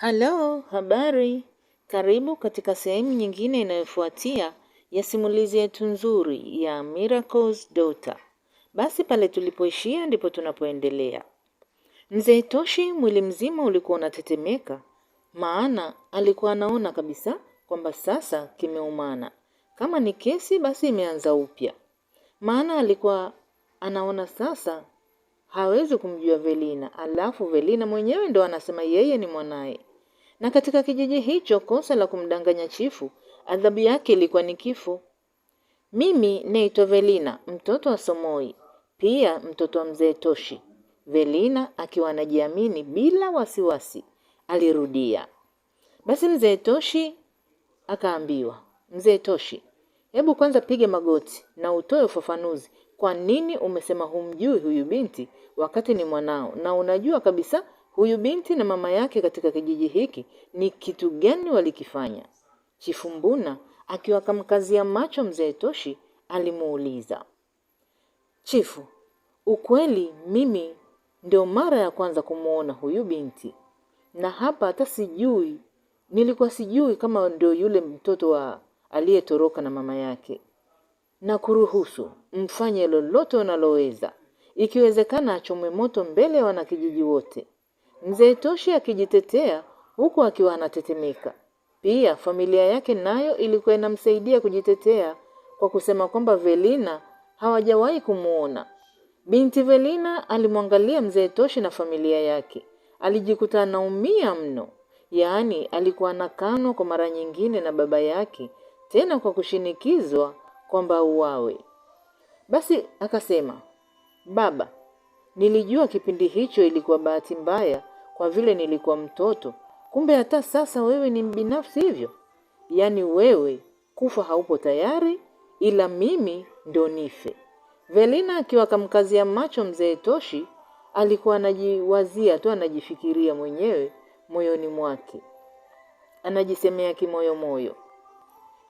Halo, habari. Karibu katika sehemu nyingine inayofuatia ya simulizi yetu nzuri ya Miracle's Daughter. Basi pale tulipoishia ndipo tunapoendelea. Mzee Toshi mwili mzima ulikuwa unatetemeka, maana alikuwa anaona kabisa kwamba sasa kimeumana. Kama ni kesi basi imeanza upya, maana alikuwa anaona sasa hawezi kumjua Velina, alafu Velina mwenyewe ndo anasema yeye ni mwanaye na katika kijiji hicho kosa la kumdanganya chifu adhabu yake ilikuwa ni kifo. Mimi naitwa Velina, mtoto wa Somoi, pia mtoto wa mzee Toshi. Velina akiwa anajiamini bila wasiwasi alirudia. Basi mzee Toshi akaambiwa, mzee Toshi, hebu kwanza pige magoti na utoe ufafanuzi. Kwa nini umesema humjui huyu binti wakati ni mwanao na unajua kabisa Huyu binti na mama yake katika kijiji hiki ni kitu gani walikifanya? chifu mbuna akiwa akamkazia macho mzee Toshi alimuuliza, Chifu, ukweli mimi ndio mara ya kwanza kumwona huyu binti, na hapa hata sijui, nilikuwa sijui kama ndio yule mtoto wa aliyetoroka na mama yake. Na kuruhusu mfanye lolote unaloweza, ikiwezekana achomwe moto mbele ya wanakijiji wote. Mzee Toshi akijitetea huku akiwa anatetemeka. Pia familia yake nayo ilikuwa inamsaidia kujitetea kwa kusema kwamba Velina hawajawahi kumwona. Binti Velina alimwangalia mzee Toshi na familia yake, alijikuta anaumia mno, yaani alikuwa anakanwa kwa mara nyingine na baba yake, tena kwa kushinikizwa kwamba uwawe Basi akasema, baba, nilijua kipindi hicho ilikuwa bahati mbaya kwa vile nilikuwa mtoto. Kumbe hata sasa wewe ni mbinafsi hivyo? Yaani wewe kufa haupo tayari, ila mimi ndo nife. Velina akiwa kamkazia macho mzee Toshi, alikuwa anajiwazia tu, anajifikiria mwenyewe moyoni mwake, anajisemea kimoyomoyo,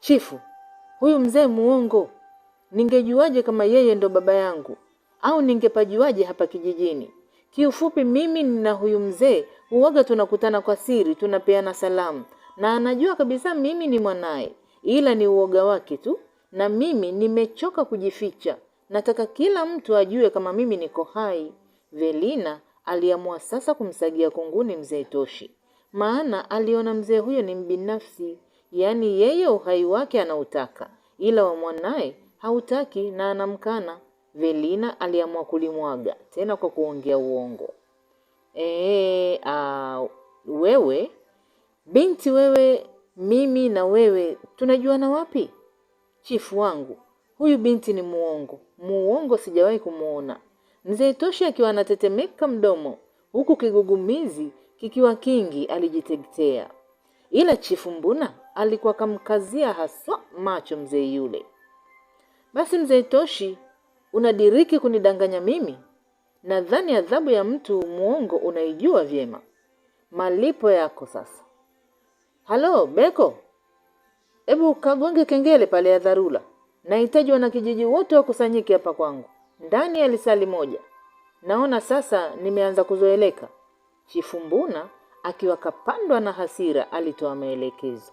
chifu huyu mzee muongo, ningejuaje kama yeye ndo baba yangu? Au ningepajuaje hapa kijijini? Kiufupi, mimi nina huyu mzee huwaga tunakutana kwa siri, tunapeana salamu na anajua kabisa mimi ni mwanaye, ila ni uoga wake tu, na mimi nimechoka kujificha. Nataka kila mtu ajue kama mimi niko hai. Velina aliamua sasa kumsagia kunguni mzee Toshi, maana aliona mzee huyo ni mbinafsi, yaani yeye uhai wake anautaka, ila wa mwanaye hautaki na anamkana. Velina aliamua kulimwaga tena kwa kuongea uongo. E, a, wewe binti, wewe mimi na wewe tunajuana wapi? Chifu wangu, huyu binti ni muongo, muongo, sijawahi kumwona. Mzee Toshi akiwa anatetemeka mdomo huku kigugumizi kikiwa kingi alijitegetea, ila Chifu Mbuna alikuwa kamkazia haswa macho mzee yule. Basi mzee Toshi unadiriki kunidanganya mimi? Nadhani adhabu ya mtu mwongo unaijua vyema. Malipo yako sasa. Halo Beko, hebu kagonge kengele pale ya dharura. Nahitaji wanakijiji wote wakusanyike hapa kwangu ndani ya lisali moja. Naona sasa nimeanza kuzoeleka. Chifu Mbuna akiwa kapandwa na hasira alitoa maelekezo.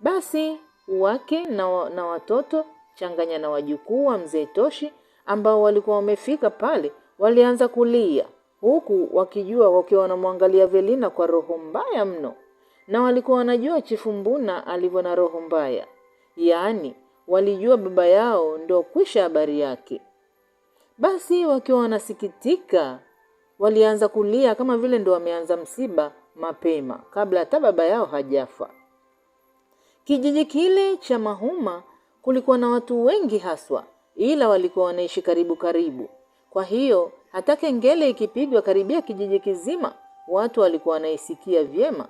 Basi wake na, na watoto changanya na wajukuu wa mzee Toshi ambao walikuwa wamefika pale, walianza kulia huku wakijua wakiwa wanamwangalia Velina kwa roho mbaya mno, na walikuwa wanajua Chifu Mbuna alivyo na roho mbaya, yaani walijua baba yao ndio kwisha habari yake. Basi wakiwa wanasikitika, walianza kulia kama vile ndio wameanza msiba mapema kabla hata baba yao hajafa. Kijiji kile cha Mahuma Kulikuwa na watu wengi haswa, ila walikuwa wanaishi karibu karibu. Kwa hiyo hata kengele ikipigwa karibia kijiji kizima, watu walikuwa wanaisikia vyema,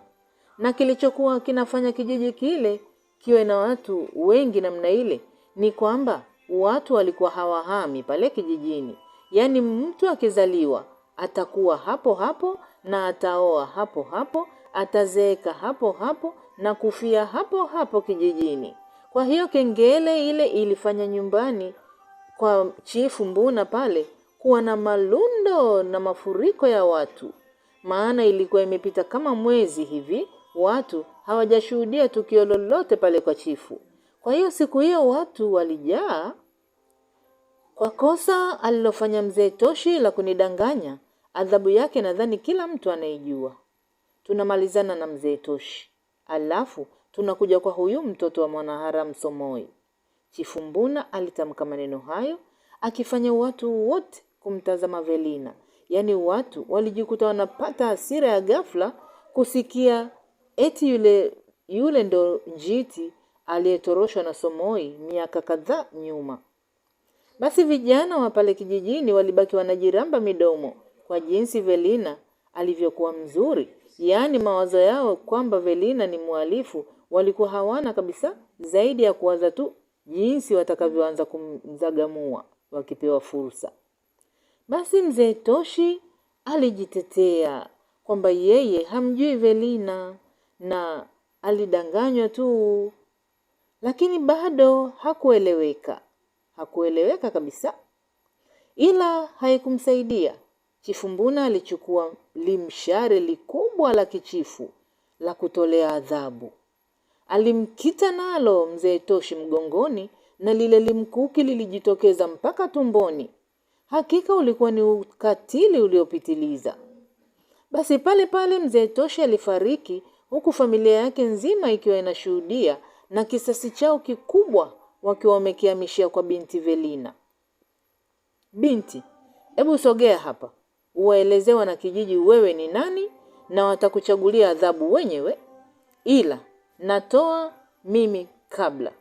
na kilichokuwa kinafanya kijiji kile kiwe na watu wengi namna ile ni kwamba watu walikuwa hawahami pale kijijini. Yaani mtu akizaliwa atakuwa hapo hapo na ataoa hapo hapo, atazeeka hapo hapo na kufia hapo hapo kijijini. Kwa hiyo kengele ile ilifanya nyumbani kwa chifu Mbuna pale kuwa na malundo na mafuriko ya watu, maana ilikuwa imepita kama mwezi hivi watu hawajashuhudia tukio lolote pale kwa chifu. Kwa hiyo siku hiyo watu walijaa kwa kosa alilofanya mzee Toshi la kunidanganya. Adhabu yake nadhani kila mtu anaijua. Tunamalizana na mzee Toshi, alafu Tunakuja kwa huyu mtoto wa mwanaharamu Somoi. chifu mbuna alitamka maneno hayo akifanya watu wote kumtazama Velina. Yaani watu walijikuta wanapata hasira ya ghafla kusikia eti yule yule ndo njiti aliyetoroshwa na Somoi miaka kadhaa nyuma. Basi vijana wa pale kijijini walibaki wanajiramba midomo kwa jinsi Velina alivyokuwa mzuri, yaani mawazo yao kwamba Velina ni mhalifu walikuwa hawana kabisa zaidi ya kuwaza tu jinsi watakavyoanza kumzagamua wakipewa fursa. Basi mzee Toshi alijitetea kwamba yeye hamjui Velina na alidanganywa tu, lakini bado hakueleweka, hakueleweka kabisa. Ila haikumsaidia. Chifu Mbuna alichukua limshare likubwa la kichifu la kutolea adhabu. Alimkita nalo mzee Toshi mgongoni na lile limkuki lilijitokeza mpaka tumboni. Hakika ulikuwa ni ukatili uliopitiliza. Basi pale pale mzee Toshi alifariki huku familia yake nzima ikiwa inashuhudia na kisasi chao kikubwa wakiwa wamekihamishia kwa binti Velina. Binti, hebu sogea hapa, uwaelezee wanakijiji wewe ni nani, na watakuchagulia adhabu wenyewe, ila natoa mimi kabla.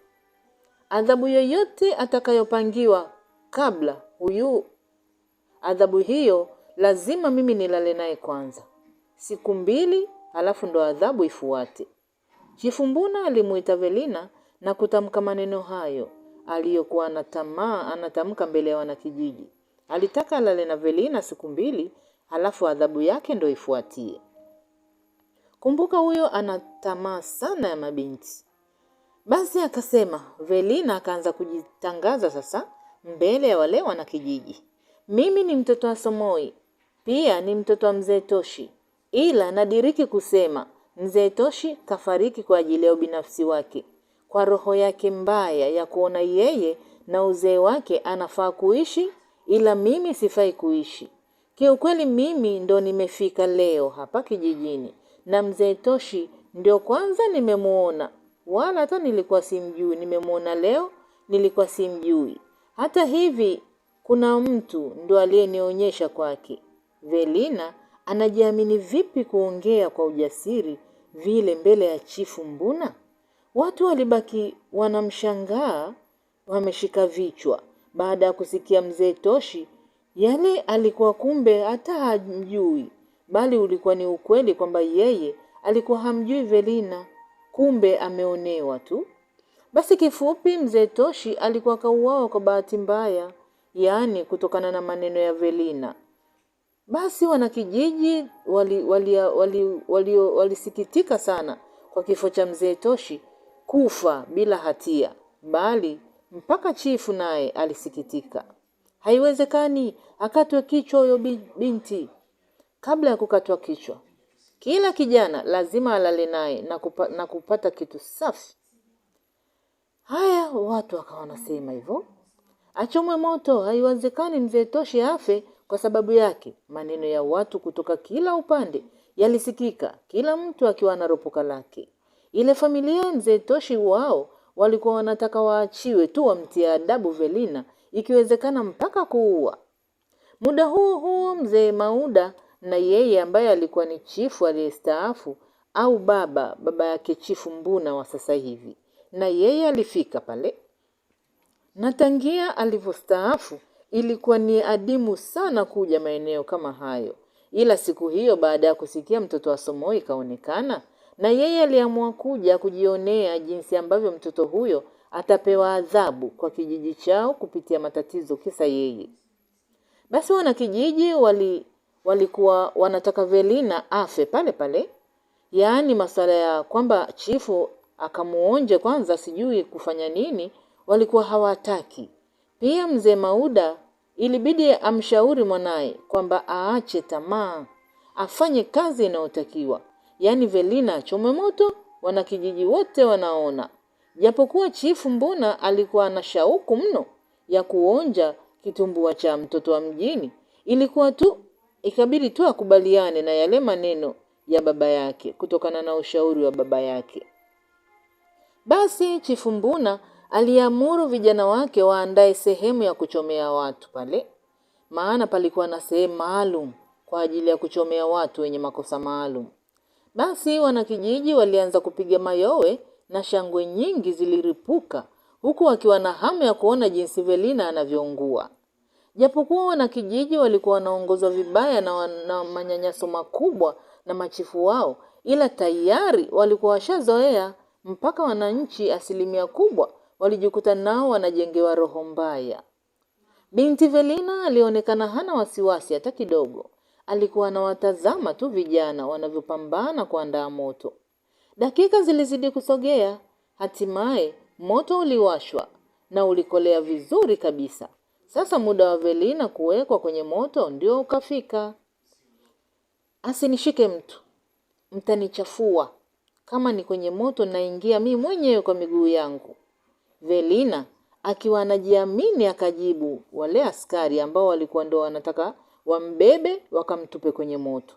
Adhabu yoyote atakayopangiwa kabla huyu adhabu hiyo, lazima mimi nilale naye kwanza siku mbili, halafu ndo adhabu ifuate. Chifumbuna alimuita Velina na kutamka maneno hayo aliyokuwa anatamaa anatamka mbele ya wanakijiji. Alitaka alale na Velina siku mbili, halafu adhabu yake ndo ifuatie. Kumbuka huyo ana tamaa sana ya mabinti. Basi akasema, Velina akaanza kujitangaza sasa mbele ya wale wanakijiji, mimi ni mtoto wa Somoi, pia ni mtoto wa mzee Toshi, ila nadiriki kusema mzee Toshi kafariki kwa ajili ya ubinafsi wake, kwa roho yake mbaya ya kuona yeye na uzee wake anafaa kuishi, ila mimi sifai kuishi. Kiukweli mimi ndo nimefika leo hapa kijijini na mzee Toshi ndio kwanza nimemuona, wala hata nilikuwa simjui. Nimemuona leo, nilikuwa simjui. Hata hivi kuna mtu ndio aliyenionyesha kwake. Velina anajiamini vipi kuongea kwa ujasiri vile mbele ya chifu Mbuna? Watu walibaki wanamshangaa wameshika vichwa baada ya kusikia mzee Toshi yale alikuwa kumbe hata hamjui bali ulikuwa ni ukweli kwamba yeye alikuwa hamjui Velina, kumbe ameonewa tu. Basi kifupi, mzee Toshi alikuwa kauawa kwa bahati mbaya, yaani kutokana na maneno ya Velina. Basi wanakijiji walisikitika wali, wali, wali, wali sana kwa kifo cha mzee Toshi kufa bila hatia, bali mpaka chifu naye alisikitika. Haiwezekani akatwe kichwa huyo binti, Kabla ya kukatwa kichwa, kila kijana lazima alale naye na, kupa, na kupata kitu safi. Haya, watu wakawa wanasema hivyo, achomwe moto, haiwezekani mzee Toshi afe kwa sababu yake. Maneno ya watu kutoka kila upande yalisikika, kila mtu akiwa na ropoka lake. Ile familia mzee Toshi wao walikuwa wanataka waachiwe tu, wamtia adabu Velina, ikiwezekana mpaka kuua. Muda huo huo mzee Mauda na yeye ambaye alikuwa ni chifu aliyestaafu au baba baba yake Chifu Mbuna wa sasa hivi, na yeye alifika pale, na tangia alivyostaafu ilikuwa ni adimu sana kuja maeneo kama hayo, ila siku hiyo baada ya kusikia mtoto wa Somoi kaonekana, na yeye aliamua kuja kujionea jinsi ambavyo mtoto huyo atapewa adhabu kwa kijiji chao kupitia matatizo kisa yeye. Basi wanakijiji wali walikuwa wanataka Velina afe pale pale, yaani masala ya kwamba chifu akamuonje kwanza, sijui kufanya nini, walikuwa hawataki. Pia mzee Mauda ilibidi amshauri mwanaye kwamba aache tamaa, afanye kazi inayotakiwa, yaani Velina achomwe moto, wanakijiji wote wanaona. Japokuwa chifu Mbuna alikuwa na shauku mno ya kuonja kitumbua cha mtoto wa mjini, ilikuwa tu Ikabidi tu akubaliane na yale maneno ya baba yake kutokana na ushauri wa baba yake. Basi Chifu Mbuna aliamuru vijana wake waandae sehemu ya kuchomea watu pale, maana palikuwa na sehemu maalum kwa ajili ya kuchomea watu wenye makosa maalum. Basi wanakijiji walianza kupiga mayowe na shangwe nyingi ziliripuka, huku wakiwa na hamu ya kuona jinsi Velina anavyoungua. Japokuwa wanakijiji walikuwa wanaongozwa vibaya na, na manyanyaso makubwa na machifu wao, ila tayari walikuwa washazoea mpaka wananchi asilimia kubwa walijikuta nao wanajengewa roho mbaya. Binti Velina alionekana hana wasiwasi hata kidogo. Alikuwa anawatazama tu vijana wanavyopambana kuandaa moto. Dakika zilizidi kusogea, hatimaye moto uliwashwa na ulikolea vizuri kabisa. Sasa muda wa Velina kuwekwa kwenye moto ndio ukafika. Asinishike mtu, mtanichafua. Kama ni kwenye moto, naingia mi mwenyewe kwa miguu yangu. Velina akiwa anajiamini akajibu wale askari ambao walikuwa ndio wanataka wambebe wakamtupe kwenye moto.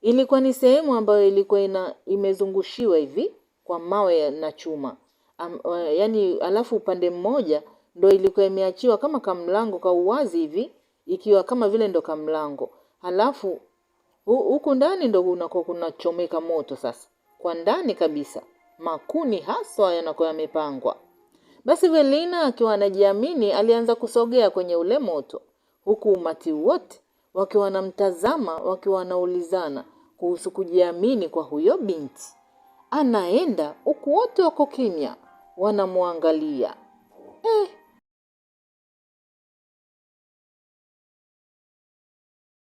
Ilikuwa ni sehemu ambayo ilikuwa ina, imezungushiwa hivi kwa mawe na chuma. Am, eh, yani alafu upande mmoja ndo ilikuwa imeachiwa kama kamlango ka uwazi hivi, ikiwa kama vile ndo kamlango. Halafu huku ndani ndo unakuwa kunachomeka moto sasa, kwa ndani kabisa, makuni haswa yanakuwa yamepangwa. Basi Velina akiwa anajiamini alianza kusogea kwenye ule moto, huku umati wote wakiwa wanamtazama, wakiwa wanaulizana kuhusu kujiamini kwa huyo binti. Anaenda huku wote wako kimya, wanamwangalia eh.